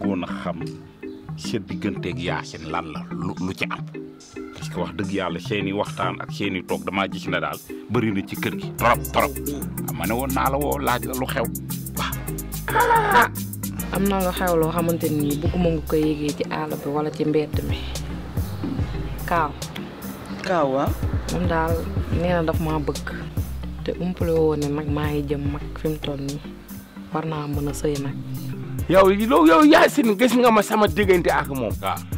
goon a xam sa digganteeg yaasin lan la lu lu ci am parce wax dëgg yàlla seeni waxtaan ak seeni toog damaa gis ne daal bëri ci kër gi trop trop ah, ma ne woon naa la woo laaj la lu xew waaw ah, am na lu xew loo xamante nii bëgguma nga ko yégee ci àll bi wala ci mbedd mi kaaw kaaw waaw ah? moom daal nee na maa bëgg te umpale woon ne nag maa ngi jëm mag fi mu toll nii war naa mën a sëy nag. yow yow gis nga ma sama diggante ak moom.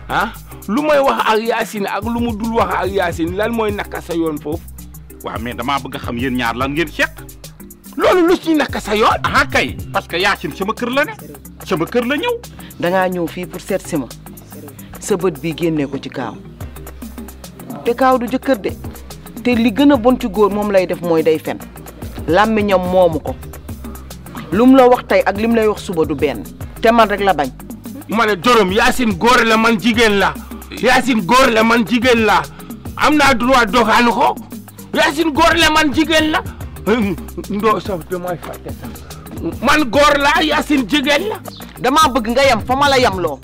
ah lu may wax ak Yacine ak lu mu dul wax ak Yacine lan mooy naka sa yoon foofu. waaw mais damaa bëgg a xam yéen ñaar lan ngeen seq. loolu lu ci naka sa yoon. ah kay parce que Yacine sama kër la ne. sama kër la ñëw. da ngaa ñëw fii pour seet sa bët génnee ko ci kaaw. te kaaw du jëkkër de. te li gën a bon ci góor moom lay def mooy day fen làmmiñam moomu ko lu mu la wax tey ak li mu lay wax suba du benn te man rek la bañ ma ne jorom Yacine góor la man jigéen la Yacine góor la man jigéen la am naa droit doxaanu ko Yacine góor la man jigéen la ndoo sax damay fàtte sax man góor laa Yacine jigéen la damaa bëgg nga yem fa ma la yem loo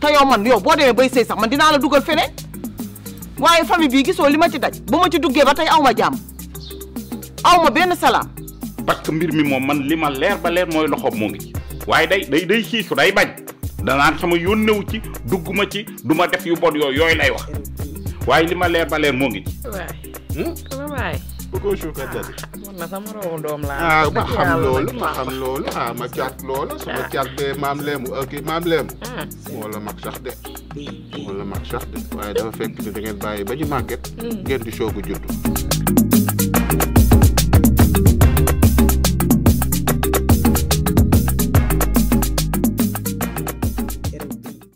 te yow man yow boo demee bay sëy sax man dinaa la dugal feneen waaye famille bii gisoo li ma ci daj bu ma ci duggee ba tey aw ma jàmm aw ma benn salaam. parce que mbir mi moom man li ma leer ba leer mooy loxoom moo ngi ci waaye day day day siisu day bañ danaan sama yónnewu ci dugg ma ci du ma def yu bon yooyu yooyu lay wax waaye li ma leer ba leer moo ngi ci. Hmm? na sama roomu doom ah, ma xam loolu ma xam loolu ah ma caat loolu. waaw sama ah. caat bee maam leemu ah, kii maam leemu. moo la mag sax de. moo la mag sax de waaye dafa fekk ne da ngeen bàyyi ba ñu màgget. Hmm. ngeen di soog a